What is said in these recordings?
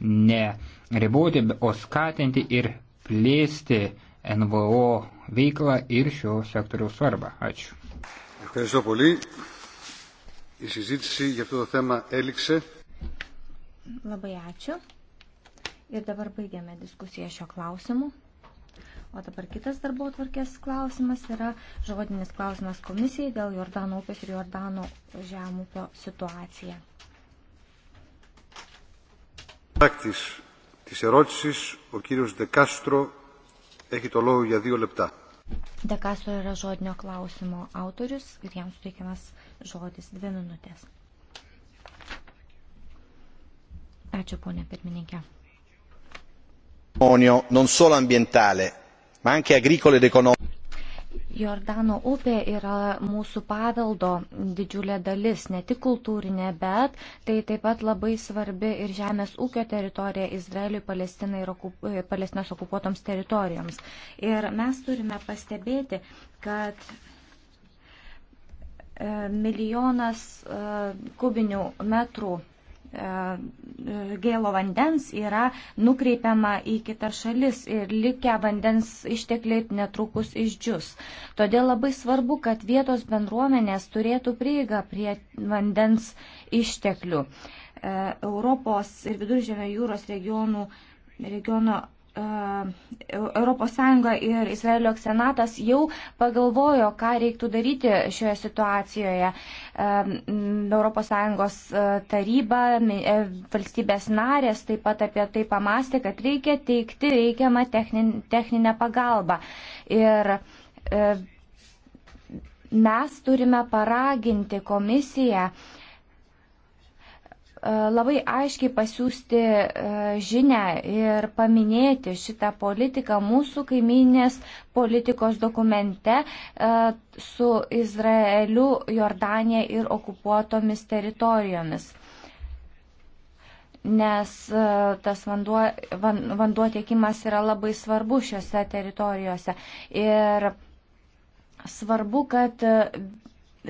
ne riboti, o skatinti ir plėsti NVO veiklą ir šio sektoriaus svarbą. Ačiū. Ευχαριστώ πολύ. Η συζήτηση για αυτό το θέμα έληξε. Labai ačiū. Ir dabar baigiame diskusiją šio klausimu. O dabar kitas darbo tvarkės klausimas yra žodinis klausimas komisijai dėl Jordano upės ir Jordano žemupio situaciją. Τάκτης της ερώτησης, ο κύριος Δεκάστρο έχει το λόγο για δύο λεπτά. Dekastro yra žodinio klausimo autorius ir jam suteikiamas žodis dvi minutės. Ačiū, ponė pirmininkė. Non solo ambientale, ma anche agricolo ed economico. Jordano upė yra mūsų paveldo didžiulė dalis, ne tik kultūrinė, bet tai taip pat labai svarbi ir žemės ūkio teritorija Izraeliui, Palestinai ir okup, Palestinos okupuotoms teritorijoms. Ir mes turime pastebėti, kad e, milijonas e, kubinių metrų E, gėlo vandens yra nukreipiama į kitas šalis ir likę vandens ištekliai netrukus išdžius. Todėl labai svarbu, kad vietos bendruomenės turėtų prieigą prie vandens išteklių. E, Europos ir viduržėmio jūros regionų, regiono ES ir Izraelio senatas jau pagalvojo, ką reiktų daryti šioje situacijoje. ES e, taryba, e, valstybės narės taip pat apie tai pamastė, kad reikia teikti reikiamą techninę pagalbą. Ir e, mes turime paraginti komisiją uh, labai aiškiai pasiūsti e, žinę ir paminėti šitą politiką mūsų kaiminės politikos dokumente e, su Izraeliu, Jordanija ir okupuotomis teritorijomis. Nes e, tas vanduo, van, vanduo tiekimas yra labai svarbu šiuose teritorijuose. Ir svarbu, kad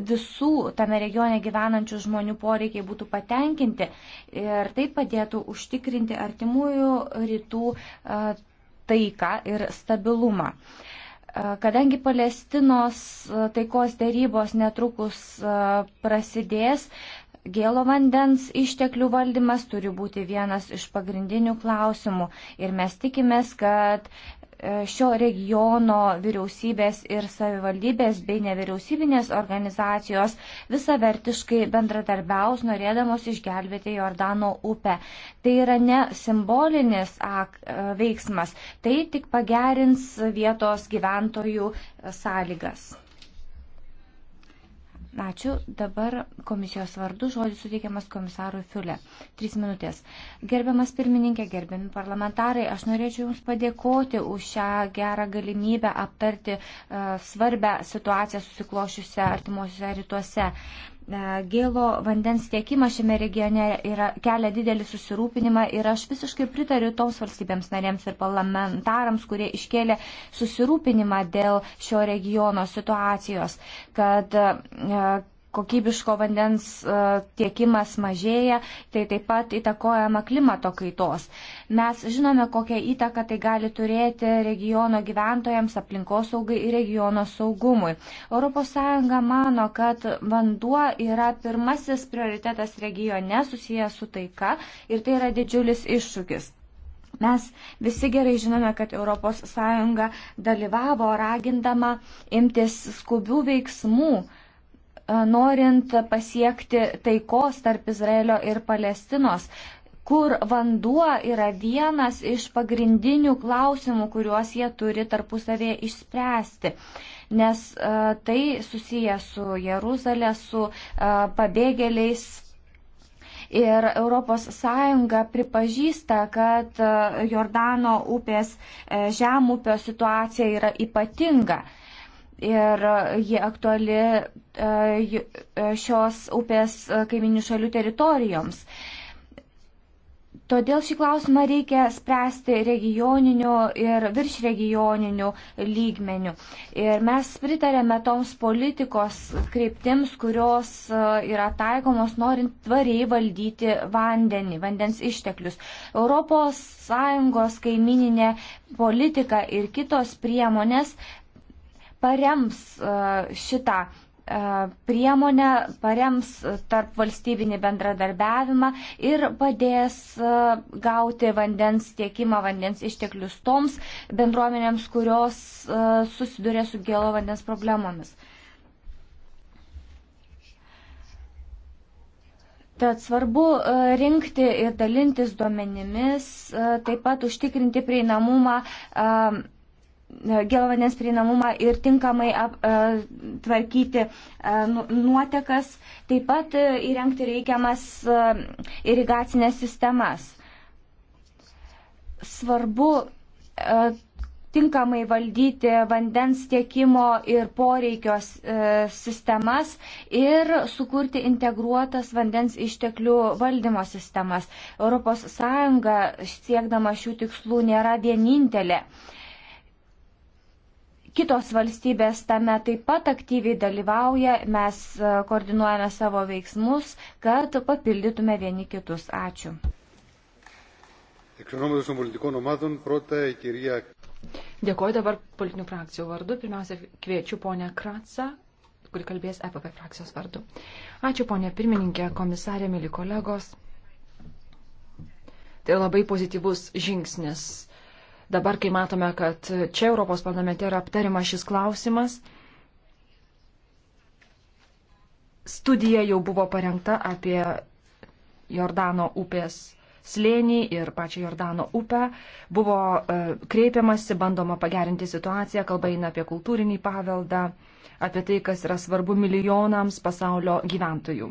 visų tame regione gyvenančių žmonių poreikiai būtų patenkinti ir tai padėtų užtikrinti artimųjų rytų taiką ir stabilumą. Kadangi Palestinos taikos dėrybos netrukus prasidės, Gėlo vandens išteklių valdymas turi būti vienas iš pagrindinių klausimų ir mes tikimės, kad e, šio regiono vyriausybės ir savivaldybės bei nevyriausybinės organizacijos visavertiškai bendradarbiaus norėdamos išgelbėti Jordano upę. Tai yra ne simbolinis ak, e, veiksmas, tai tik pagerins vietos gyventojų sąlygas. Ačiū. Dabar komisijos vardu žodis suteikiamas komisarui Fiule. Trys minutės. Gerbiamas pirmininkė, gerbiami parlamentarai, aš norėčiau Jums padėkoti už šią gerą galimybę aptarti uh, svarbę situaciją susiklošiusią artimuosiuose rytuose. Uh, E, gėlo vandens tiekimas šiame regione yra, kelia didelį susirūpinimą ir aš visiškai pritariu toms valstybėms narėms ir parlamentarams, kurie iškėlė susirūpinimą dėl šio regiono situacijos, kad e, kokybiško vandens e, tiekimas mažėja, tai taip pat įtakojama klimato kaitos. Mes žinome, kokią įtaką tai gali turėti regiono gyventojams, aplinkosaugai ir regiono saugumui. ES mano, kad vanduo yra pirmasis prioritetas regione susijęs su taika ir tai yra didžiulis iššūkis. Mes visi gerai žinome, kad ES dalyvavo ragindama imtis skubių veiksmų E, norint pasiekti taikos tarp Izraelio ir Palestinos, kur vanduo yra vienas iš pagrindinių klausimų, kuriuos jie turi tarpusavėje išspręsti. Nes uh, tai susiję su Jeruzalė, su uh, pabėgėliais, Ir ES pripažįsta, kad Jordano upės žemupio situacija yra ypatinga ir e, jie aktuali e, e, šios upės kaiminių šalių teritorijoms. Todėl šį klausimą reikia spręsti regioniniu ir virš regioniniu lygmeniu. Ir mes pritarėme toms politikos kryptims, kurios yra taikomos norint tvariai valdyti vandenį, vandens išteklius. ES kaimininė politika ir kitos priemonės parems e, šitą e, priemonę, parems tarp valstybinį bendradarbiavimą ir padės e, gauti vandens tiekimą, vandens išteklius toms bendruomenėms, kurios susiduria su gėlo vandens problemomis. Tad svarbu rinkti ir dalintis duomenimis, taip pat užtikrinti prieinamumą E, gėlo vandens prieinamumą ir tinkamai ap, a, e, tvarkyti a, e, nu, nuotekas, taip pat a, įrengti reikiamas a, irigacinės sistemas. Svarbu a, tinkamai valdyti vandens tiekimo ir poreikios e, sistemas ir sukurti integruotas vandens išteklių valdymo sistemas. ES siekdama šių tikslų nėra vienintelė. E, Kitos valstybės tame taip pat aktyviai dalyvauja, mes e, koordinuojame savo veiksmus, kad papildytume vieni kitus. Ačiū. Dėkuoju dabar politinių frakcijų vardu. Pirmiausia, kviečiu ponę Kratsą, kuri kalbės EPP frakcijos vardu. Ačiū ponė pirmininkė, komisarė, mėly kolegos. Tai labai pozityvus žingsnis Dabar, kai matome, kad čia Europos parlamente yra aptarima šis klausimas, studija jau buvo parengta apie Jordano upės slėnį ir pačią Jordano upę. Buvo e, kreipiamasi, bandoma pagerinti situaciją, kalba eina apie kultūrinį paveldą, apie tai, kas yra svarbu milijonams pasaulio gyventojų.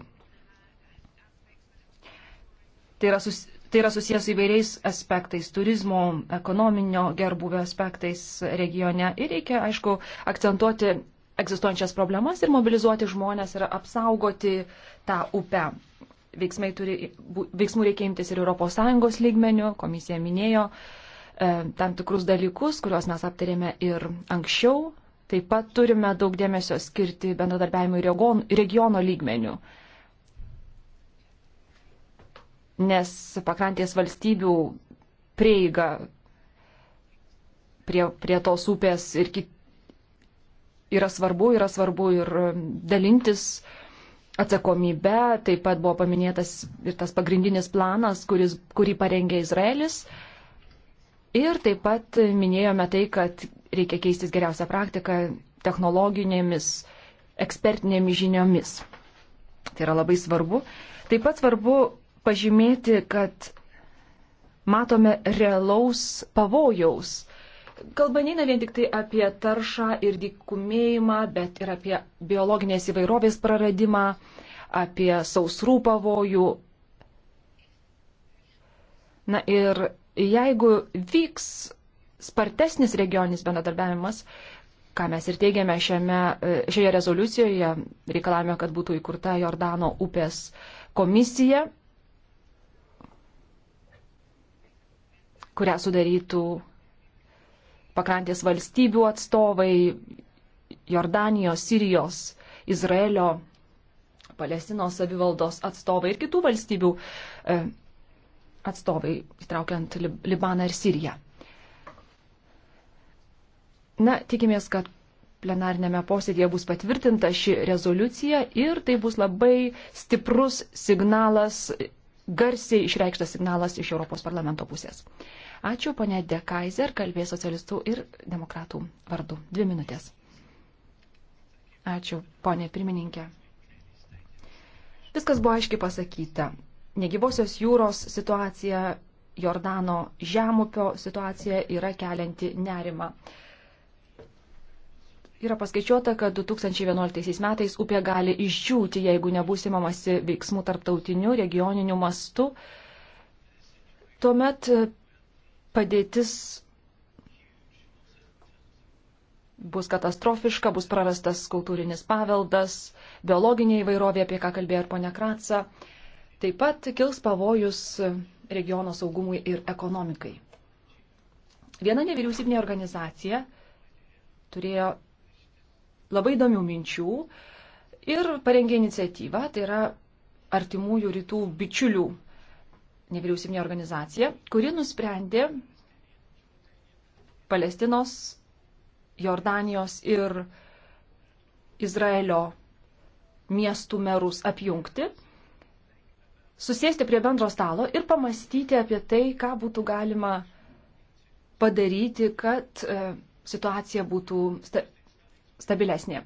Tai yra sus, Tai yra susijęs įvairiais aspektais - turizmo, ekonominio gerbuvio aspektais regione. Ir reikia, aišku, akcentuoti egzistuojančias problemas ir mobilizuoti žmonės ir apsaugoti tą upę. Turi, veiksmų reikia imtis ir ES lygmenių, komisija minėjo e, tam tikrus dalykus, kuriuos mes aptarėme ir anksčiau. Taip pat turime daug dėmesio skirti bendradarbiavimui regiono lygmenių. E, nes pakrantės valstybių prieiga prie, prie tos upės ir kit, yra svarbu, yra svarbu ir dalintis atsakomybę. Taip pat buvo paminėtas ir tas pagrindinis planas, kuris, kurį parengė Izraelis. Ir taip pat minėjome tai, kad reikia keistis geriausią praktiką technologinėmis, ekspertinėmis žiniomis. Tai yra labai svarbu. Taip pat svarbu pažymėti, kad matome realaus pavojaus. Kalba neina vien tik tai apie taršą ir dykumėjimą, bet ir apie biologinės įvairovės praradimą, apie sausrų pavojų. Na ir jeigu vyks spartesnis regioninis bendradarbiavimas, ką mes ir teigiame šiame, šioje rezoliucijoje, reikalavome, kad būtų įkurta Jordano upės komisija, kurią sudarytų pakrantės valstybių atstovai, Jordanijos, Sirijos, Izraelio, Palestinos savivaldos atstovai ir kitų valstybių e, atstovai, įtraukiant Libaną ir Siriją. Na, tikimės, kad plenarnėme posėdėje bus patvirtinta ši rezoliucija ir tai bus labai stiprus signalas garsiai išreikštas signalas iš Europos parlamento pusės. Ačiū, ponė De Kaiser, kalbės socialistų ir demokratų vardu. Dvi minutės. Ačiū, ponė pirmininkė. Viskas buvo aiškiai pasakyta. Negyvosios jūros situacija, Jordano žemupio situacija yra kelianti nerima. Yra paskaičiuota, kad 2011 metais upė gali išdžiūti, jeigu nebus įmamasi veiksmų tarptautiniu, regioniniu mastu. Tuomet e, padėtis bus katastrofiška, bus prarastas kultūrinis paveldas, biologinė įvairovė, apie ką kalbėjo ir ponia Kratsa. Taip pat kils pavojus regiono saugumui ir ekonomikai. Viena nevyriausybinė organizacija turėjo labai įdomių minčių ir parengė iniciatyvą, tai yra artimųjų rytų bičiulių nevyriausybinė organizacija, kuri nusprendė Palestinos, Jordanijos ir Izraelio miestų merus apjungti, susėsti prie bendro stalo ir pamastyti apie tai, ką būtų galima padaryti, kad e, situacija būtų stabilesnė.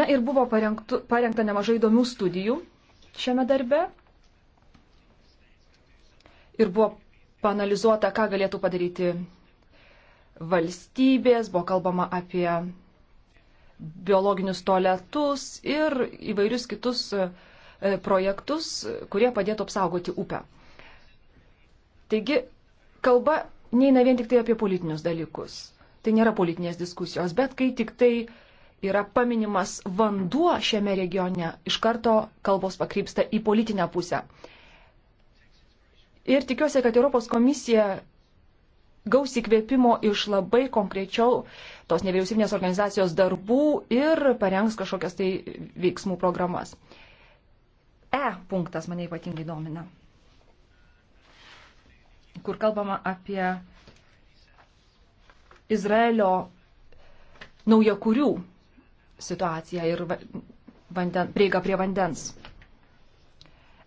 Na ir buvo parengtų, parengta nemažai įdomių studijų šiame darbe. Ir buvo panalizuota, ką galėtų padaryti valstybės, buvo kalbama apie biologinius tualetus ir įvairius kitus e, projektus, kurie padėtų apsaugoti upę. Taigi, kalba neina vien tik tai apie politinius dalykus. Tai nėra politinės diskusijos, bet kai tik tai uh, yra paminimas vanduo šiame regione, iš karto kalbos pakrypsta į politinę pusę. Ir tikiuosi, kad Europos komisija gaus įkvėpimo iš labai konkrečiau tos nevyriausybinės organizacijos darbų ir parengs kažkokias tai veiksmų programas. E punktas mane ypatingai domina, kur kalbama apie Izraelio naujakurių situaciją ir vanden, prieigą prie vandens.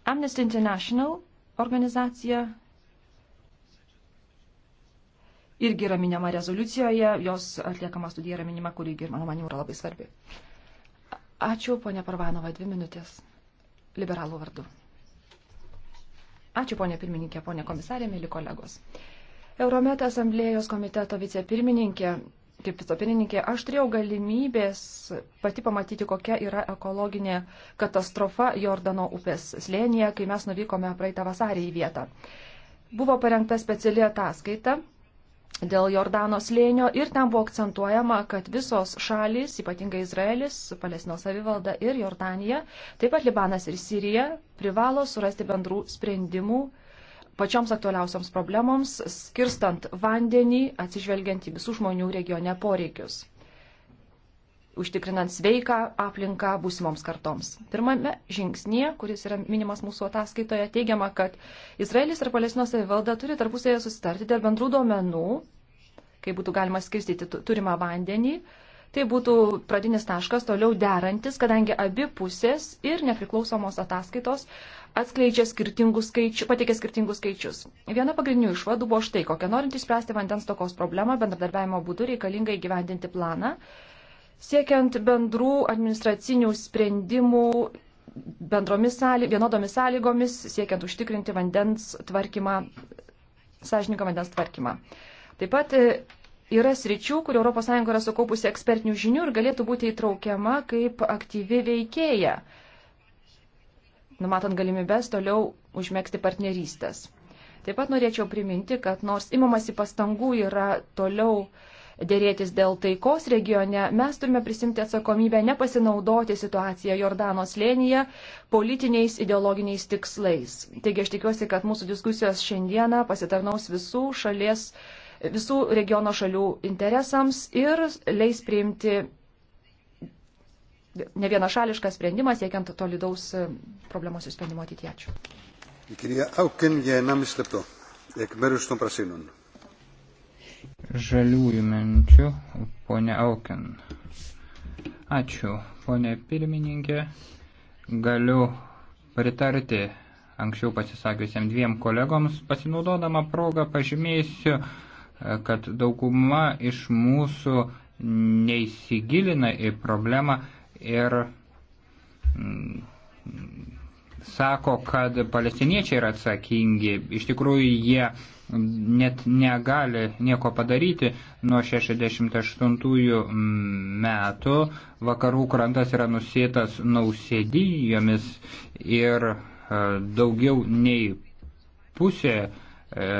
Amnesty International organizacija irgi yra minima rezoliucijoje, jos atliekama studija yra minima, kuri, mano manimu, yra labai svarbi. Ačiū, ponia Parvanova, dvi minutės. Liberalų vardu. Ačiū, ponia pirmininkė, ponia komisarė, mėly kolegos. Euromet asamblėjos komiteto vicepirmininkė kaip vicepirmininkė, aš turėjau galimybės pati pamatyti, kokia yra ekologinė katastrofa Jordano upės slėnyje, kai mes nuvykome praeitą vasarį į vietą. Buvo parengta speciali ataskaita dėl Jordano slėnio ir ten buvo akcentuojama, kad visos šalys, ypatingai Izraelis, Palestino savivalda ir Jordanija, taip pat Libanas ir Sirija, privalo surasti bendrų sprendimų pačioms aktualiausiams problemoms, skirstant vandenį, atsižvelgiant į visų žmonių regione poreikius, užtikrinant sveiką aplinką būsimoms kartoms. Pirmame žingsnėje, kuris yra minimas mūsų ataskaitoje, teigiama, kad Izraelis ir Palestinos savivalda turi tarpusėje susitarti dėl bendrų duomenų, kaip būtų galima skirstyti turimą vandenį, Tai būtų pradinis taškas toliau derantis, kadangi abi pusės ir nepriklausomos ataskaitos atskleidžia skirtingus skaičius, pateikia skirtingus skaičius. Viena pagrindinių išvadų buvo štai, kokia norint išspręsti vandens tokos problemą, bendradarbiavimo būdu reikalinga įgyvendinti planą, siekiant bendrų administracinių sprendimų bendromis sąly, vienodomis sąlygomis, siekiant užtikrinti vandens tvarkymą, sąžininką vandens tvarkymą. Taip pat yra sričių, kur ES yra sukaupusi ekspertinių žinių ir galėtų būti įtraukiama kaip aktyvi veikėja, numatant galimybės toliau užmėgsti partnerystės. Taip pat norėčiau priminti, kad nors imamasi pastangų yra toliau dėrėtis dėl taikos regione, mes turime prisimti atsakomybę nepasinaudoti situaciją Jordano slėnyje politiniais ideologiniais tikslais. Taigi aš tikiuosi, kad mūsų diskusijos šiandieną pasitarnaus visų šalies visų regiono šalių interesams ir leis priimti ne vienašališką sprendimą siekiant tolidaus e, problemos įsprendimo ateityje. Ačiū. Žaliųjų minčių, ponė Auken. Ačiū, ponė pirmininkė. Galiu pritarti anksčiau pasisakiusiam dviem kolegoms, pasinaudodama progą pažymėsiu kad dauguma iš mūsų neįsigilina į problemą ir mm, sako, kad palestiniečiai yra atsakingi. Iš tikrųjų, jie net negali nieko padaryti. Nuo 68 metų vakarų krantas yra nusėtas nausėdijomis ir e, daugiau nei pusė e,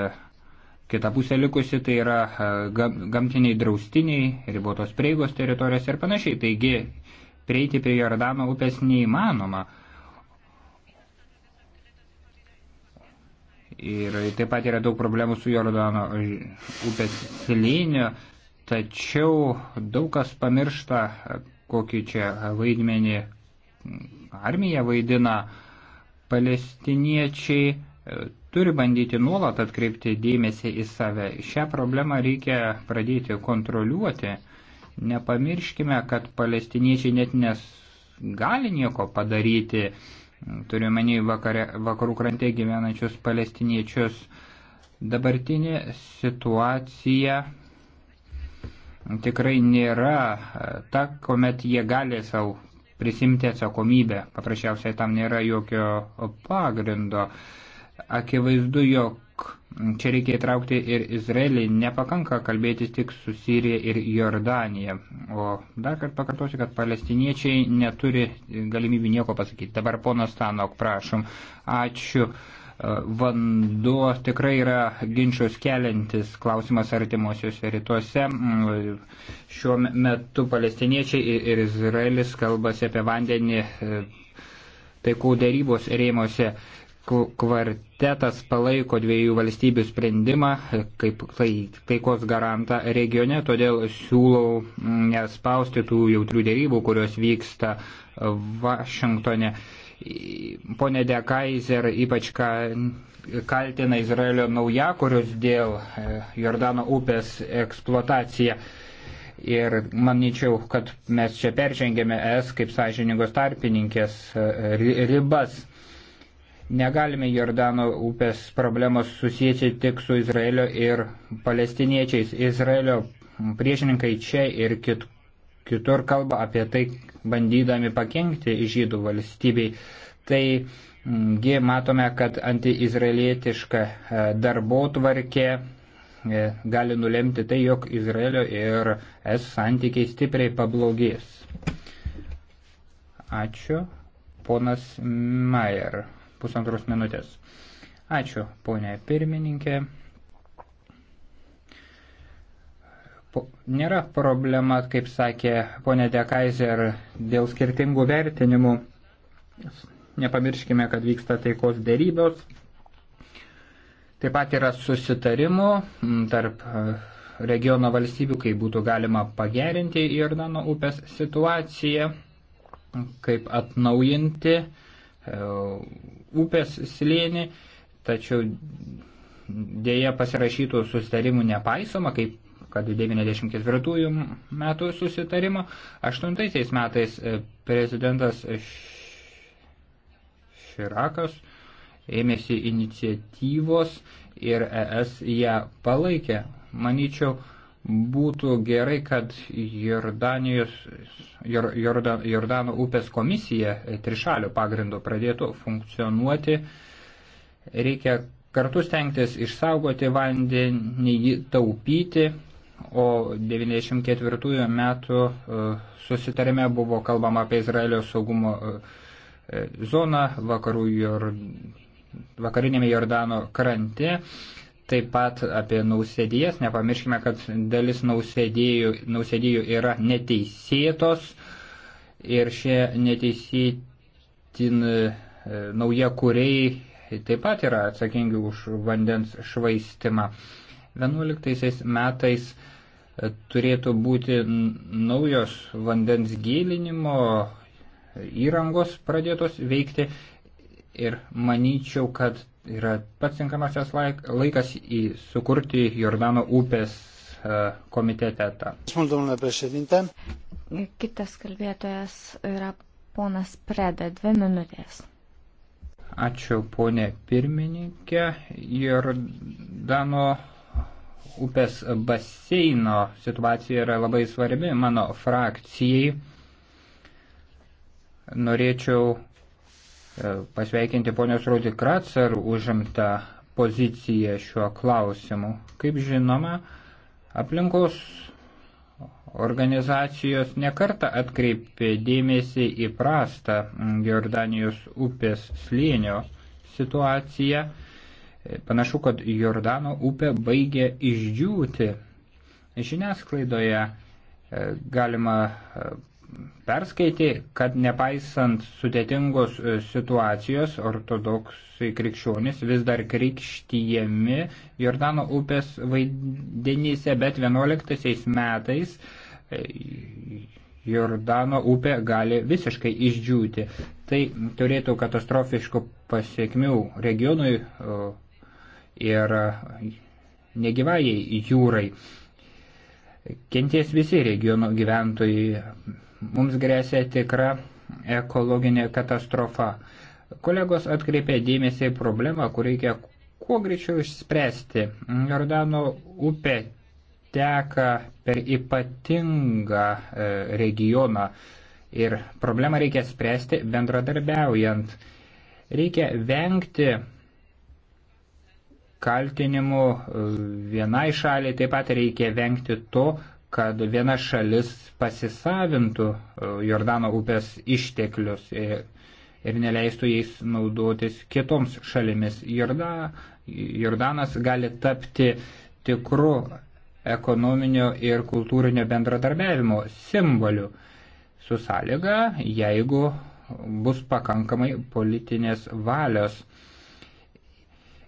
Kita pusė likusi tai yra e, gamtiniai draustiniai, ribotos prieigos teritorijos ir panašiai. Taigi prieiti prie Jordano upės neįmanoma. Ir taip pat yra daug problemų su Jordano upės slėniu, tačiau daug kas pamiršta, kokį čia vaidmenį armija vaidina palestiniečiai turi bandyti nuolat atkreipti dėmesį į save. Šią problemą reikia pradėti kontroliuoti. Nepamirškime, kad palestiniečiai net nes gali nieko padaryti, turiu menį vakarų krante gyvenančius palestiniečius. Dabartinė situacija tikrai nėra e, ta, kuomet jie gali savo prisimti atsakomybę. Paprasčiausiai tam nėra jokio pagrindo. Akivaizdu, jog čia reikia įtraukti ir Izraelį, nepakanka kalbėti tik su Sirija ir Jordanija. O dar kartą pakartosiu, kad palestiniečiai neturi galimybių nieko pasakyti. Dabar ponas Stanok, prašom. Ačiū. Vanduo tikrai yra ginčios keliantis klausimas artimuosiuose rytuose. Šiuo metu palestiniečiai ir Izraelis kalbasi apie vandenį taikų darybos rėmose kvartetas palaiko dviejų valstybių sprendimą kaip tai, taikos garantą regione, todėl siūlau nespausti tų jautrių dėrybų, kurios vyksta Vašingtone. Pone De Kaiser ypač ką kaltina Izraelio naujakurius dėl e, Jordano upės eksploataciją. Ir manyčiau, kad mes čia peržengėme es kaip sąžiningos tarpininkės e, ribas. Negalime Jordano upės problemos susijęti tik su Izraelio ir palestiniečiais. Izraelio priešininkai čia ir kit, kitur kalba apie tai, bandydami pakengti žydų valstybei. Taigi matome, kad antiizraelietiška e, darbo tvarkė e, gali nulemti tai, jog Izraelio ir es santykiai stipriai pablogės. Ačiū. Ponas Mayer pusantros minutės. Ačiū, ponė pirmininkė. Nėra problema, kaip sakė ponė Dekaiser, dėl skirtingų vertinimų. Nepamirškime, kad vyksta taikos dėrybos. Taip pat yra susitarimų tarp regiono valstybių, kaip būtų galima pagerinti Jordano upės situaciją, kaip atnaujinti uh, E, upės slėnį, tačiau dėja pasirašytų susitarimų nepaisoma, kaip kad 94 metų susitarimo. 8 metais e, prezidentas Širakas ėmėsi iniciatyvos ir ES ją palaikė. Manyčiau, Būtų gerai, kad Jordanijos, Jordan, Jordano upės komisija trišalių pagrindų pradėtų funkcionuoti. Reikia kartu stengtis išsaugoti vandenį, jį taupyti, o 94 metų e, susitarime buvo kalbama apie Izraelio saugumo e, zoną vakarų Jordanijos vakarinėme Jordano krante. Taip pat apie nausėdijas, nepamirškime, kad dalis nausėdijų, nausėdijų yra neteisėtos ir šie neteisėtin e, nauja kuriai taip pat yra atsakingi už vandens švaistimą. 11 metais e, turėtų būti naujos vandens gilinimo įrangos pradėtos veikti ir manyčiau, kad yra pats tinkamasis laikas į sukurti Jordano upės e, komitetą. Kitas kalbėtojas yra ponas Preda, dvi minutės. Ačiū ponė pirmininkė. Jordano upės baseino situacija yra labai svarbi mano frakcijai. Norėčiau E, pasveikinti ponios Rodikratser užimtą poziciją šiuo klausimu. Kaip žinoma, aplinkos organizacijos nekarta atkreipė dėmesį į prastą Jordanijos upės slėnio situaciją. E, panašu, kad Jordano upė baigė išdžiūti. Žiniasklaidoje e, galima perskaitė, kad nepaisant sudėtingos e, situacijos, ortodoksai krikščionis vis dar krikštyjami Jordano upės vaidenyse, bet 11 metais e, Jordano upė gali visiškai išdžiūti. Tai turėtų katastrofiškų pasiekmių regionui ir negyvajai jūrai. Kenties visi regiono gyventojai mums grėsia tikra ekologinė katastrofa. Kolegos atkreipė dėmesį į problemą, kur reikia kuo greičiau išspręsti. Jordano upė teka per ypatingą e, regioną ir problemą reikia spręsti bendradarbiaujant. Reikia vengti kaltinimų e, vienai šaliai, taip pat reikia vengti to, kad viena šalis pasisavintų e, Jordano upės išteklius ir neleistų jais naudotis kitoms šalimis. Jorda, Jordanas gali tapti tikru ekonominio ir kultūrinio bendradarbiavimo simboliu su sąlyga, jeigu bus pakankamai politinės valios.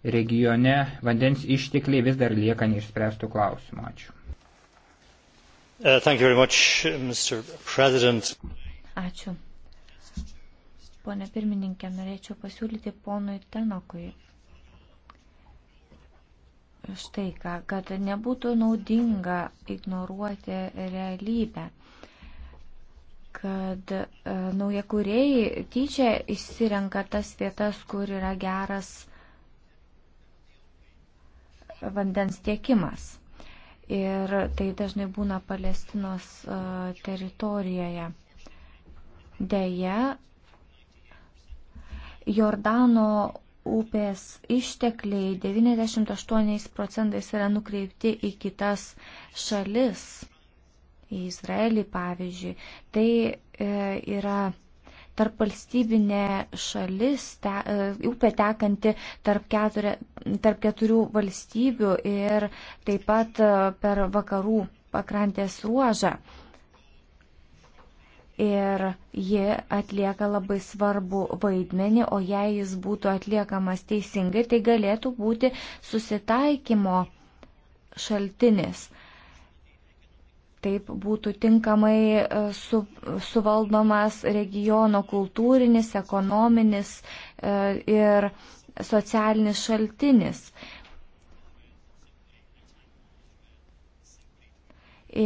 Regione vandens ištekliai vis dar lieka neišspręstų klausimų. Ačiū. Uh, Ačiū. Pone pirmininkė, norėčiau pasiūlyti ponui Tenokui štai ką, kad nebūtų naudinga ignoruoti realybę, kad e, naujakuriai tyčia išsirenka tas vietas, kur yra geras vandens tiekimas ir tai dažnai būna Palestinos teritorijoje. Deja, Jordano upės ištekliai 98 procentais yra nukreipti į kitas šalis, į Izraelį pavyzdžiui. Tai e, yra tarp valstybinė šalis, te, e, upė tekanti tarp, keturi, tarp keturių valstybių ir taip pat e, per vakarų pakrantės ruožą. Ir ji atlieka labai svarbu vaidmenį, o jei jis būtų atliekamas teisingai, tai galėtų būti susitaikymo šaltinis. Taip būtų tinkamai e, su, suvaldomas regiono kultūrinis, ekonominis e, ir socialinis šaltinis.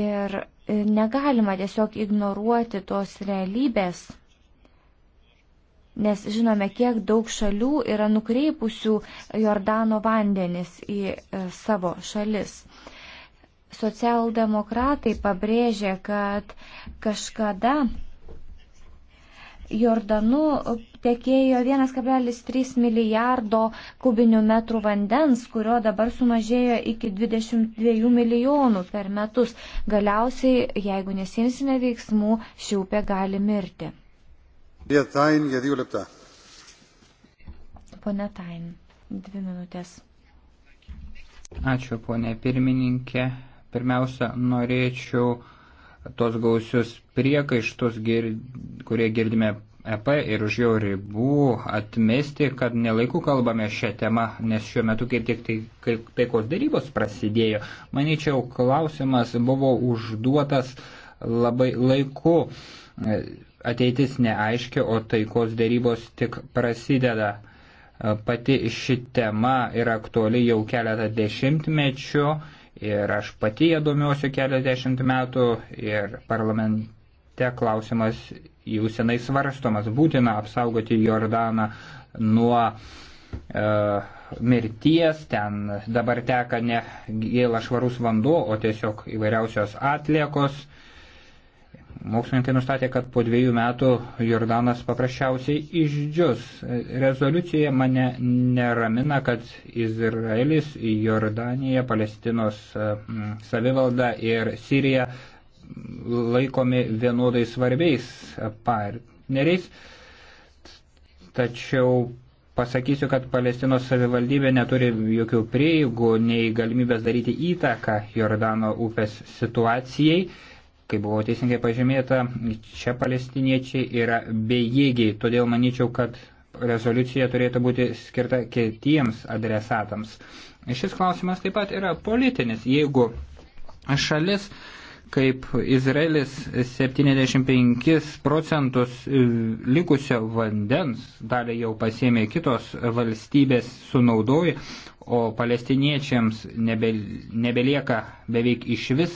Ir e, negalima tiesiog ignoruoti tos realybės, nes žinome, kiek daug šalių yra nukreipusių Jordano vandenis į savo šalis socialdemokratai pabrėžė, kad kažkada Jordanu tekėjo 1,3 milijardo kubinių metrų vandens, kurio dabar sumažėjo iki 22 milijonų per metus. Galiausiai, jeigu nesimsime veiksmų, ši upė gali mirti. Pone Tain, dvi minutės. Ačiū, ponė pirmininkė. Pirmiausia, norėčiau tos gausius priekaištus, gir, kurie girdime EP ir už jo ribų atmesti, kad nelaikų kalbame šią temą, nes šiuo metu kaip tik tai, kaip taikos darybos prasidėjo. Manyčiau, klausimas buvo užduotas labai laiku. Ateitis neaiški, o taikos darybos tik prasideda. Pati ši tema yra aktuali jau keletą dešimtmečių ir aš pati ją domiuosi keliasdešimt metų ir parlamente klausimas jau senai svarstomas. Būtina apsaugoti Jordaną nuo e, mirties, ten dabar teka ne gėla švarus vanduo, o tiesiog įvairiausios atliekos. E, Mokslininkai nustatė, kad po dviejų metų Jordanas paprasčiausiai išdžius. Rezoliucija mane neramina, kad Izraelis, Jordanija, Palestinos e, savivalda ir Sirija laikomi vienodai svarbiais partneriais. Tačiau pasakysiu, kad Palestinos savivaldybė neturi jokių prieigų nei galimybės daryti įtaką Jordano upės situacijai Kaip buvo teisingai pažymėta, čia palestiniečiai yra bejėgiai, todėl manyčiau, kad rezoliucija turėtų būti skirta kitiems adresatams. Šis klausimas taip pat yra politinis. Jeigu šalis kaip Izraelis 75 procentus likusio vandens dalį jau pasėmė kitos valstybės sunaudoja, o palestiniečiams nebelieka beveik iš vis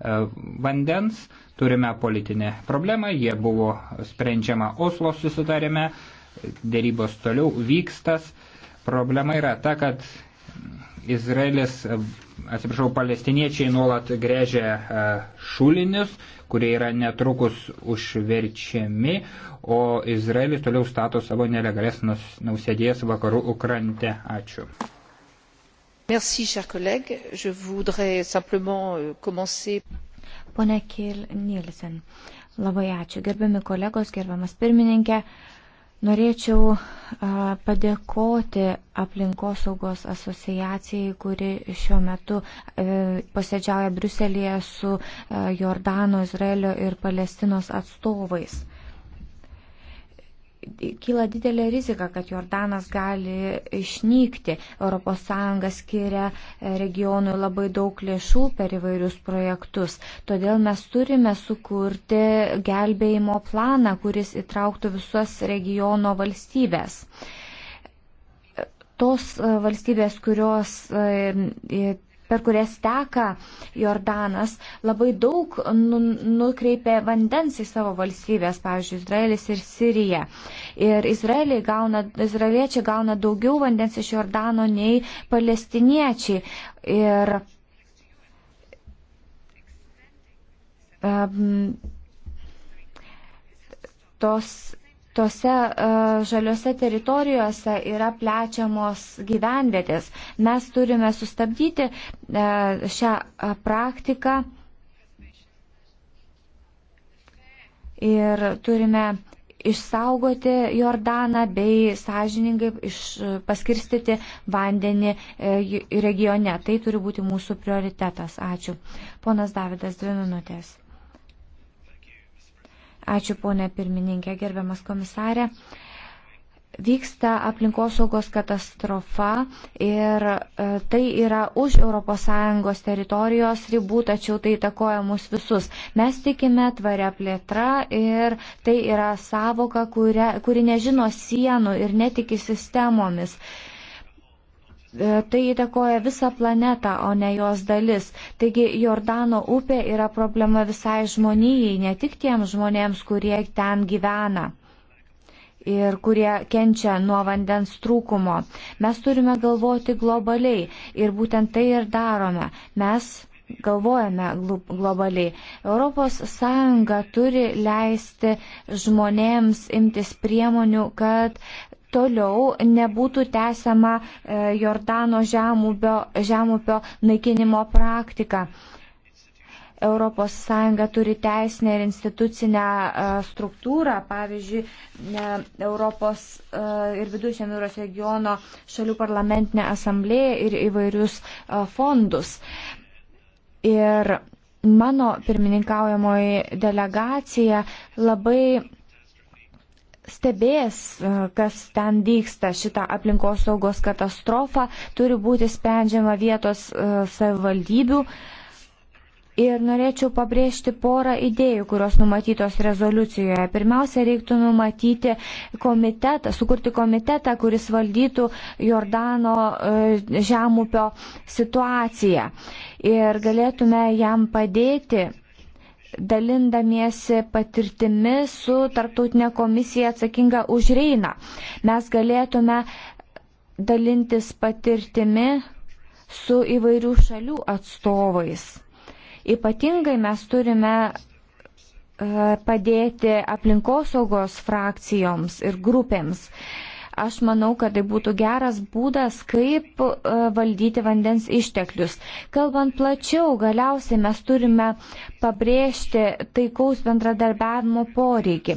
E, vandens, turime politinę problemą, jie buvo sprendžiama Oslo susitarime, dėrybos toliau vykstas. Problema yra ta, kad Izraelis, e, atsiprašau, palestiniečiai nuolat grėžia e, šulinius, kurie yra netrukus užverčiami, o Izraelis toliau stato savo nelegalės nausėdės vakarų Ukrante. Ačiū cher collègue je voudrais simplement euh, commencer Pone Kil Nielsen. Labai ačiū. Gerbiami kolegos, gerbiamas pirmininkė, norėčiau padėkoti aplinkosaugos asociacijai, kuri šiuo metu e, posėdžiauja Bruselėje su e, Jordano, Izraelio ir Palestinos atstovais kyla didelė rizika, kad Jordanas gali išnykti. ES skiria e, regionui labai daug lėšų per įvairius projektus. Todėl mes turime sukurti gelbėjimo planą, kuris įtrauktų visas regiono valstybės. E, tos e, valstybės, kurios per kurias teka Jordanas, labai daug nu, nukreipė vandens į savo valstybės, pavyzdžiui, Izraelis ir Sirija. Ir gauna, izraeliečiai gauna daugiau vandens iš Jordano nei palestiniečiai. Ir, um, tos tose e, žaliose teritorijose yra plečiamos gyvenvietės. Mes turime sustabdyti e, šią e, praktiką ir turime išsaugoti Jordaną bei sąžiningai iš, paskirstyti vandenį regione. Tai turi būti mūsų prioritetas. Ačiū. Ponas Davidas, dvi minutės. Ačiū, ponė pirmininkė, gerbiamas komisarė. Vyksta aplinkosaugos katastrofa ir e, tai yra už ES teritorijos ribų, tačiau tai takoja mus visus. Mes tikime tvaria plėtra ir tai yra savoka, kuri, kuri nežino sienų ir netiki sistemomis. Uh, E, tai įtakoja visą planetą, o ne jos dalis. Taigi Jordano upė yra problema visai žmonijai, ne tik tiems žmonėms, kurie ten gyvena ir kurie kenčia nuo vandens trūkumo. Mes turime galvoti globaliai ir būtent tai ir darome. Mes galvojame globaliai. ES turi leisti žmonėms imtis priemonių, kad toliau nebūtų tęsiama e, Jordano žemupio, žemupio naikinimo praktika. ES turi teisinę ir institucinę e, struktūrą, pavyzdžiui, e, Europos ir Viduržėmio jūros regiono šalių parlamentinę asamblėją ir įvairius fondus. Ir mano pirmininkaujamoji delegacija labai stebės, e, kas ten vyksta šitą aplinkos saugos katastrofą, turi būti sprendžiama vietos e, savivaldybių. Ir norėčiau pabrėžti porą idėjų, kurios numatytos rezoliucijoje. Pirmiausia, reiktų numatyti komitetą, sukurti komitetą, kuris valdytų Jordano e, žemupio situaciją. Ir galėtume jam padėti dalindamiesi patirtimi su tarptautinė komisija atsakinga už Reiną. Mes galėtume dalintis patirtimi su įvairių šalių atstovais. Ypatingai mes turime e, padėti aplinkosaugos frakcijoms ir grupėms. Aš manau, kad tai būtų geras būdas, kaip e, valdyti vandens išteklius. Kalbant plačiau, galiausiai mes turime pabrėžti taikaus bendradarbiavimo poreikį.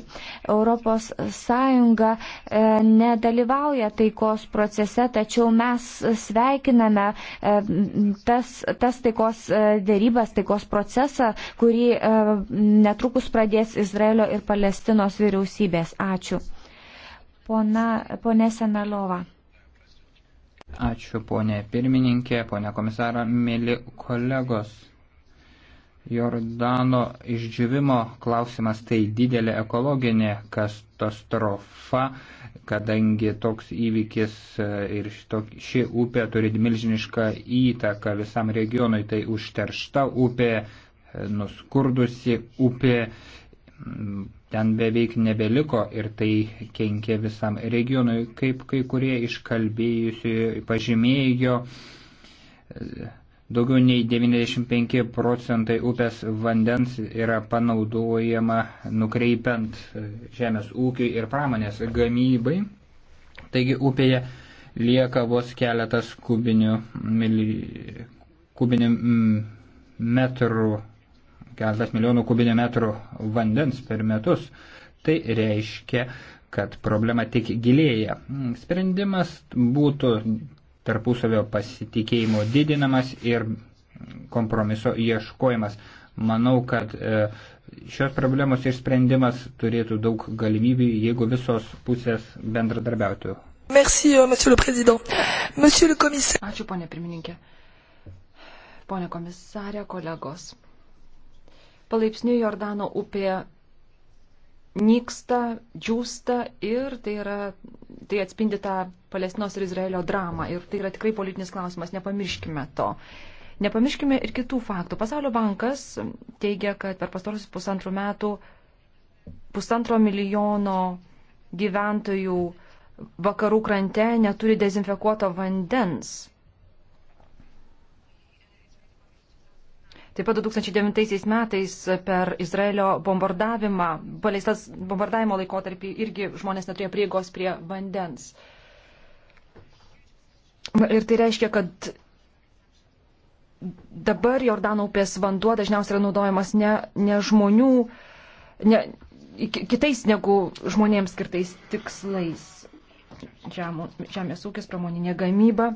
Europos Sąjunga e, nedalyvauja taikos procese, tačiau mes sveikiname e, tas, tas taikos dėrybas, taikos procesą, kurį netrukus pradės Izraelio ir Palestinos vyriausybės. Ačiū. Pona, ponė Senalova. Ačiū, ponė pirmininkė, ponė komisara, mėly kolegos. Jordano išdžiūvimo klausimas tai didelė ekologinė katastrofa, kadangi toks įvykis e, ir šitok, ši upė turi milžinišką įtaką visam regionui, tai užteršta upė, e, nuskurdusi upė, ten beveik nebeliko ir tai kenkė visam regionui, kaip kai kurie iškalbėjusi pažymėjo, daugiau nei 95 procentai upės vandens yra panaudojama nukreipiant žemės ūkiui ir pramonės gamybai. Taigi upėje lieka vos keletas kubinių, kubinių metrų keletas milijonų kubinio metrų vandens per metus. Tai reiškia, kad problema tik gilėja. Sprendimas būtų tarpusavio pasitikėjimo didinamas ir kompromiso ieškojimas. Manau, kad e, šios problemos išsprendimas turėtų daug galimybių, jeigu visos pusės bendradarbiautų. Merci, euh, monsieur le président. Monsieur le commissaire. Ačiū, ponė pirmininkė. Pone komisarė, kolegos. Palaipsniui Jordano upė nyksta, džiūsta ir tai, yra, tai atspindi tą Palestinos ir Izraelio dramą. Ir tai yra tikrai politinis klausimas, nepamirškime to. Nepamirškime ir kitų faktų. Pasaulio bankas teigia, kad per pastarosius pusantrų metų pusantro milijono gyventojų vakarų krante neturi dezinfekuoto vandens. Taip pat 2009 metais per Izraelio bombardavimą, paleistas bombardavimo laikotarpį, irgi žmonės neturėjo prieigos prie vandens. Ir tai reiškia, kad dabar Jordano upės vanduo dažniausiai yra naudojamas ne, ne žmonių, ne, kitais negu žmonėms skirtais tikslais. Žemės ūkis, pramoninė gamyba.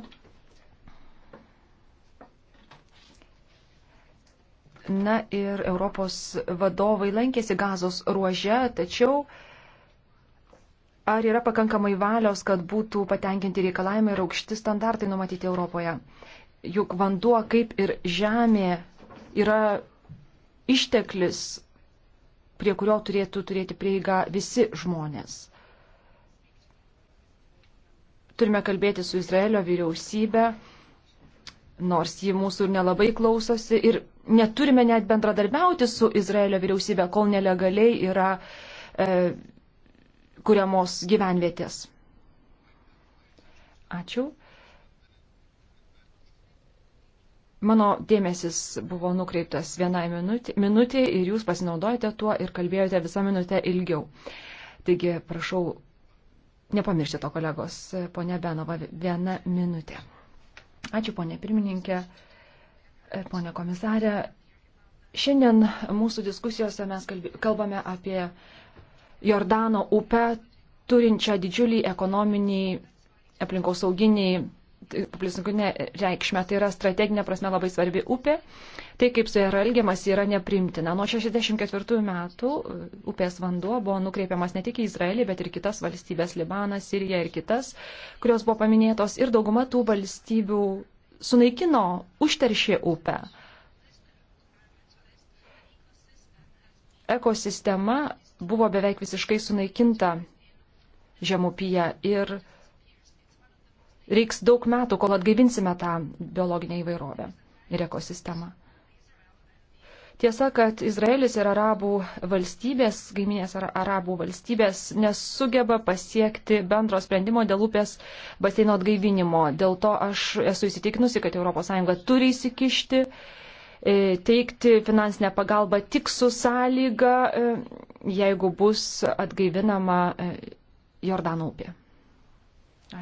Na ir Europos vadovai lankėsi gazos ruože, tačiau ar yra pakankamai valios, kad būtų patenkinti reikalavimai ir aukšti standartai numatyti Europoje? Juk vanduo, kaip ir žemė, yra išteklis, prie kurio turėtų turėti prieigą visi žmonės. Turime kalbėti su Izraelio vyriausybė nors ji mūsų ir nelabai klausosi ir neturime net bendradarbiauti su Izraelio vyriausybė, kol nelegaliai yra e, kuriamos gyvenvietės. Ačiū. Mano dėmesis buvo nukreiptas vienai minutė, minutė ir jūs pasinaudojate tuo ir kalbėjote visą minutę ilgiau. Taigi, prašau, nepamiršti to kolegos, ponia Benova, viena minutė. Ačiū, ponė pirmininkė, e, ponė komisarė. Šiandien mūsų diskusijose mes kalbame apie Jordano upę turinčią didžiulį ekonominį aplinkosauginį aplinkosauginė reikšmė, tai yra strateginė prasme labai svarbi upė. Tai kaip su ja elgiamas yra neprimtina. Nuo 64 metų uh, upės vanduo buvo nukreipiamas ne tik į Izraelį, bet ir kitas valstybės - Libaną, Siriją ir kitas, kurios buvo paminėtos ir dauguma tų valstybių sunaikino, užteršė upę. Ekosistema buvo beveik visiškai sunaikinta žemupyje ir reiks daug metų, kol atgaivinsime tą biologinę įvairovę ir ekosistemą. Tiesa, kad Izraelis ir arabų valstybės, gaiminės arabų valstybės, nesugeba pasiekti bendro sprendimo dėl upės baseino atgaivinimo. Dėl to aš esu įsitikinusi, kad ES turi įsikišti, e, teikti finansinę pagalbą tik su sąlyga, e, jeigu bus atgaivinama e, Jordano upė.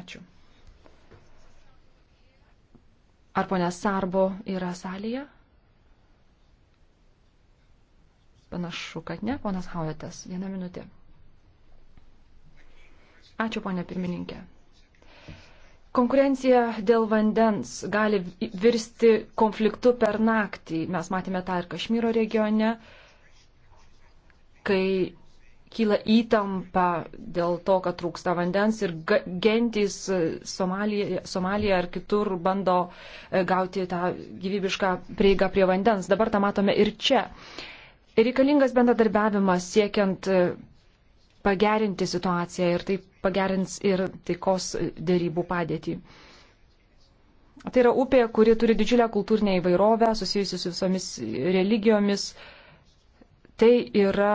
Ačiū. Ar ponia Sarbo yra salėje? Panašu, kad ne, ponas Hauetas. Vieną minutę. Ačiū, ponia pirmininkė. Konkurencija dėl vandens gali virsti konfliktu per naktį. Mes matėme tą ir Kašmyro regione, kai kyla įtampa dėl to, kad trūksta vandens ir gentys e, Somalija, Somalija ar kitur bando e, gauti tą gyvybišką prieigą prie vandens. Dabar tą matome ir čia. Reikalingas bendradarbiavimas siekiant e, pagerinti situaciją ir tai pagerins ir taikos dėrybų padėtį. Tai yra upė, kuri turi didžiulę kultūrinę įvairovę, susijusi su visomis religijomis. Tai yra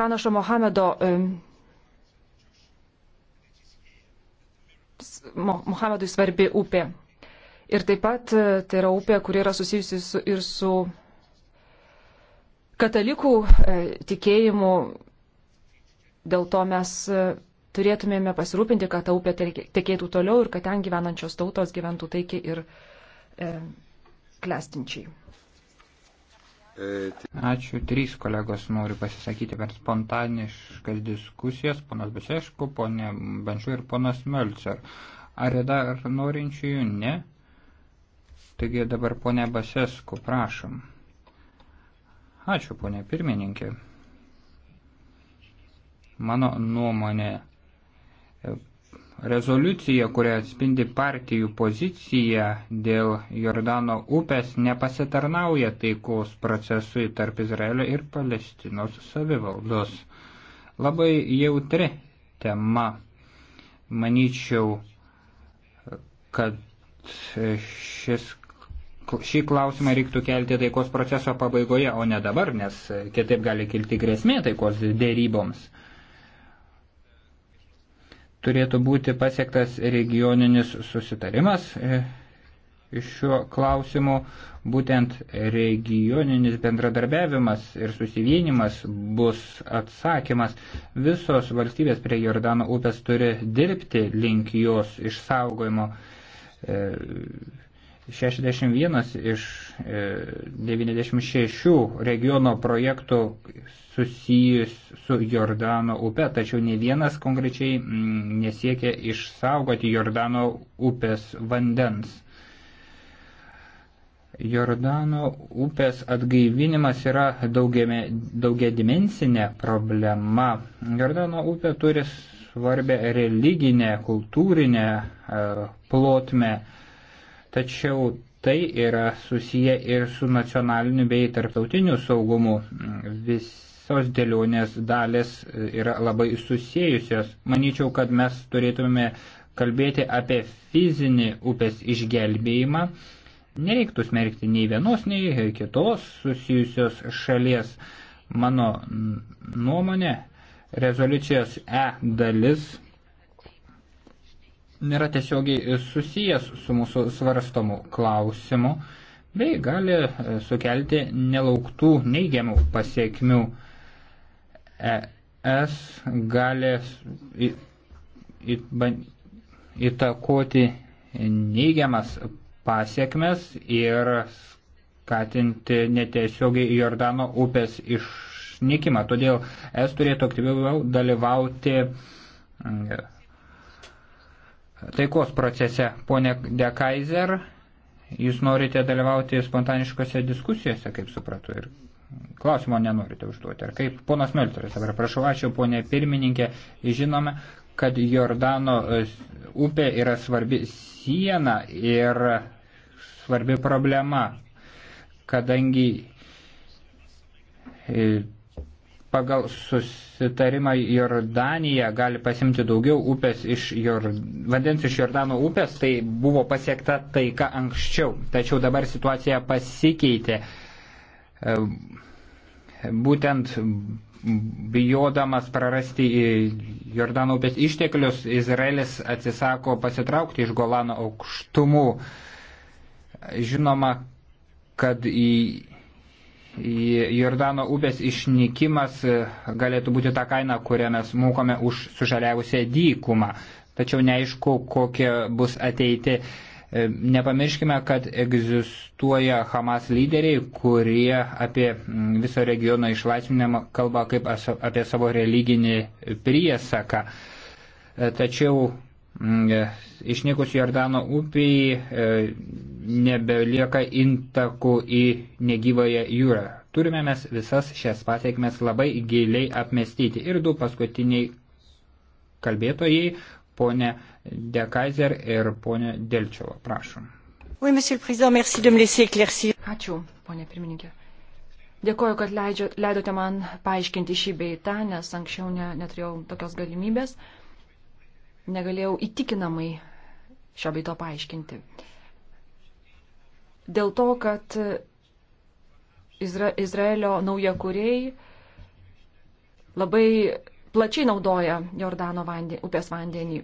pranašo Mohamedo, Mohamedui svarbi upė. Ir taip pat e, tai yra upė, kuri yra susijusi su, ir su katalikų e, tikėjimu. Dėl to mes e, turėtumėme pasirūpinti, kad ta upė tekėtų toliau ir kad ten gyvenančios tautos gyventų taikiai ir e, klestinčiai. Ačiū. Trys kolegos noriu pasisakyti per spontaniškas diskusijas. Ponas Besešku, ponė Bančiu ir ponas Mölcer. Ar yra dar norinčiųjų? Ne. Taigi dabar ponė Basesku, prašom. Ačiū, ponė pirmininkė. Mano nuomonė Rezoliucija, kuria atspindi partijų poziciją dėl Jordano upės, nepasitarnauja taikos procesui tarp Izraelio ir Palestinos savivaldos. Labai jautri tema. Manyčiau, kad šis, šį klausimą reiktų kelti taikos proceso pabaigoje, o ne dabar, nes kitaip gali kilti grėsmė taikos dėryboms turėtų būti pasiektas regioninis susitarimas e, šiuo klausimu. Būtent regioninis bendradarbiavimas ir susivienimas bus atsakymas. Visos valstybės prie Jordano upės turi dirbti link jos išsaugojimo. E, 61 iš 96 e, regiono projektų susijus su Jordano upe, tačiau ne vienas konkrečiai mm, nesiekia išsaugoti Jordano upės vandens. Jordano upės atgaivinimas yra daugiame, daugiadimensinė problema. Jordano upė turi svarbę religinę, kultūrinę e, plotmę. E, tačiau tai yra susiję ir su nacionaliniu bei tarptautiniu saugumu. Visos dėlionės dalis yra labai susijusios. Manyčiau, kad mes turėtume kalbėti apie fizinį upės išgelbėjimą. Nereiktų smerkti nei vienos, nei kitos susijusios šalies. Mano nuomonė, rezoliucijos E dalis nėra tiesiogiai susijęs su mūsų svarstomu klausimu bei gali e, sukelti nelauktų neigiamų pasiekmių. E, ES gali įtakoti neigiamas pasiekmes ir skatinti netiesiogiai Jordano upės išnykimą. Todėl es turėtų aktyviau dalyvauti e, taikos procese. Pone De Kaiser, jūs norite dalyvauti spontaniškose diskusijose, kaip supratau, ir klausimo nenorite užduoti. Ar kaip, ponas Melteris, dabar prašau, ačiū, ponė pirmininkė, žinome, kad Jordano upė yra svarbi siena ir svarbi problema, kadangi e, pagal susitarimą Jordanija gali pasimti daugiau upės iš Jor... vandens iš Jordano upės, tai buvo pasiekta taika anksčiau. Tačiau dabar situacija pasikeitė. E, būtent bijodamas prarasti Jordano upės išteklius, Izraelis atsisako pasitraukti iš Golano aukštumų. Žinoma, kad į Jordano upės išnykimas e, galėtų būti ta kaina, kurią mes mokame už sužaliavusią dykumą. Tačiau neaišku, kokia bus ateiti. E, nepamirškime, kad egzistuoja Hamas lyderiai, kurie apie viso regiono išlaisvinimą kalba kaip apie savo religinį priesaką. E, tačiau Mm, e, išnykus Jordano upiai e, nebelieka intakų į negyvąją jūrą. Turime mes visas šias pasiekmes labai giliai apmestyti. Ir du paskutiniai kalbėtojai, ponė De Kaiser ir ponė Delčiova. Prašom. Oui, Ačiū, ponė pirmininkė. Dėkoju, kad leidžio, leidote man paaiškinti šį beitą, nes anksčiau ne, neturėjau tokios galimybės. Uh, negalėjau įtikinamai šio beito paaiškinti. Dėl to, kad Izra Izraelio naujakuriai labai plačiai naudoja Jordano vandenį, upės vandenį.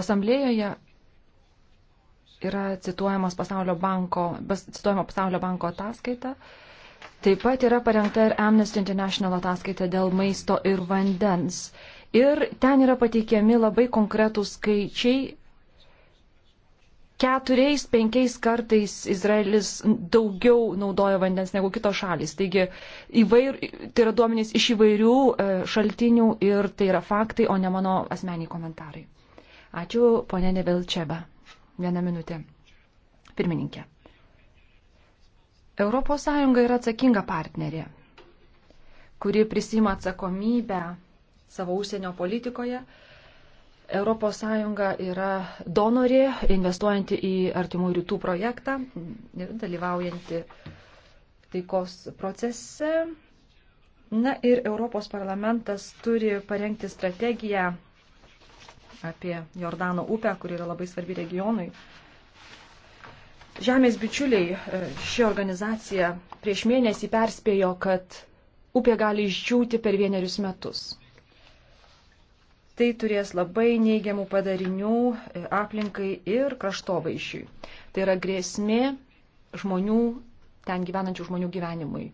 Asamblėjoje yra cituojamas pasaulio banko, cituojama pasaulio banko ataskaita, Taip pat yra parengta ir Amnesty International ataskaita dėl maisto ir vandens. Ir ten yra pateikiami labai konkretūs skaičiai. Keturiais, penkiais kartais Izraelis daugiau naudoja vandens negu kitos šalis. Taigi įvair, tai yra duomenys iš įvairių e, šaltinių ir tai yra faktai, o ne mano asmeniai komentarai. Ačiū, ponė Nevelčeba. Vieną minutę. Pirmininkė. ES yra atsakinga partnerė, kuri prisima atsakomybę savo užsienio politikoje. ES yra donorė, investuojanti į artimų rytų projektą ir dalyvaujanti taikos procese. Na ir Europos parlamentas turi parengti strategiją apie Jordano upę, kuri yra labai svarbi regionui. Žemės bičiuliai e, ši organizacija prieš mėnesį perspėjo, kad upė gali išdžiūti per vienerius metus. Tai turės labai neigiamų padarinių e, aplinkai ir kraštovaišiui. Tai yra grėsmė žmonių, ten gyvenančių žmonių gyvenimui.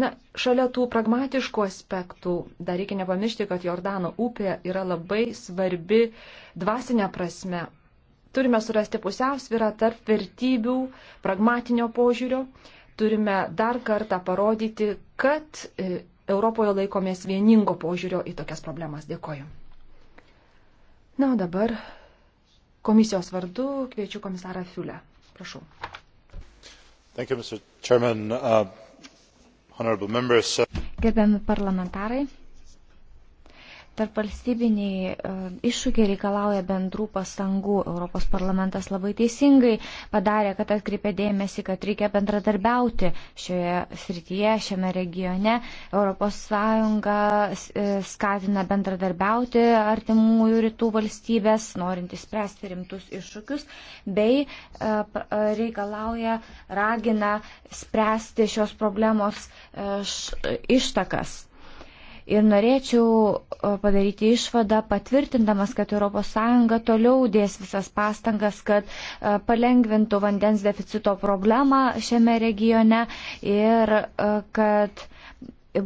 Na, šalia tų pragmatiškų aspektų dar reikia nepamiršti, kad Jordano upė yra labai svarbi dvasinė prasme Turime surasti pusiausvyrą tarp vertybių, pragmatinio požiūrio. Turime dar kartą parodyti, kad e, Europoje laikomės vieningo požiūrio į tokias problemas. Dėkoju. Na, o dabar komisijos vardu kviečiu komisarą Fiulę. Prašau. Thank you, Mr. Chairman. Uh, honorable members. Uh, Gerbiami parlamentarai. Tarp valstybiniai e, iššūkiai reikalauja bendrų pastangų. Europos parlamentas labai teisingai padarė, kad atkreipė dėmesį, kad reikia bendradarbiauti šioje srityje, šiame regione. Europos Sąjunga e, skatina bendradarbiauti artimųjų rytų valstybės, norint įspręsti rimtus iššūkius, bei e, reikalauja, ragina spręsti šios problemos ištakas. Ir norėčiau e, padaryti išvadą, patvirtindamas, kad ES toliau dės visas pastangas, kad e, palengvintų vandens deficito problemą šiame regione ir e, kad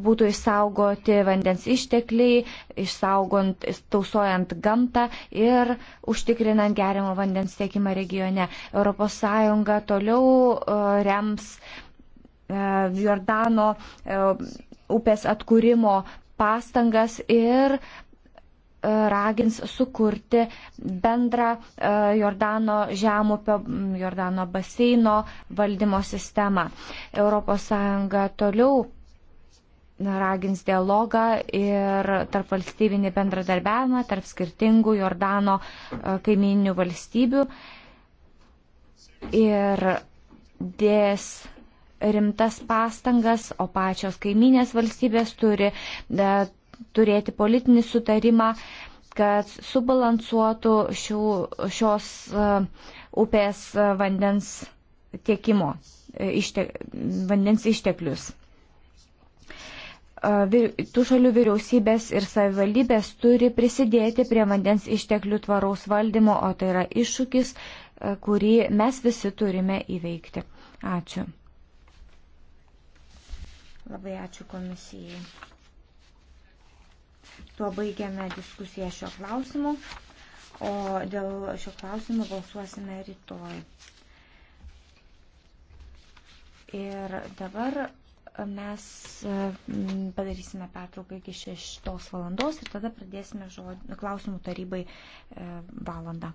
būtų išsaugoti vandens ištekliai, išsaugant, tausojant gamtą ir užtikrinant geriamo vandens tiekimą regione. ES toliau rems Jordano upės atkūrimo pastangas ir e, ragins sukurti bendrą e, Jordano žemupio, Jordano baseino valdymo sistemą. ES toliau ragins dialogą ir tarp valstybinį bendradarbiavimą tarp skirtingų Jordano e, kaiminių valstybių ir dės rimtas pastangas, o pačios kaiminės valstybės turi da, turėti politinį sutarimą, kad subalansuotų šių, šios uh, upės e, vandens tiekimo, e, ište, vandens išteklius. Tų šalių vyriausybės ir savivaldybės turi prisidėti prie vandens išteklių tvaraus valdymo, o tai yra iššūkis, kurį mes visi turime įveikti. Ačiū. Labai ačiū komisijai. Tuo baigiame diskusiją šio klausimu, o dėl šio klausimo balsuosime rytoj. Ir dabar mes mm, padarysime pertrauką iki 6 valandos ir tada pradėsime žod... klausimų tarybai e, valandą.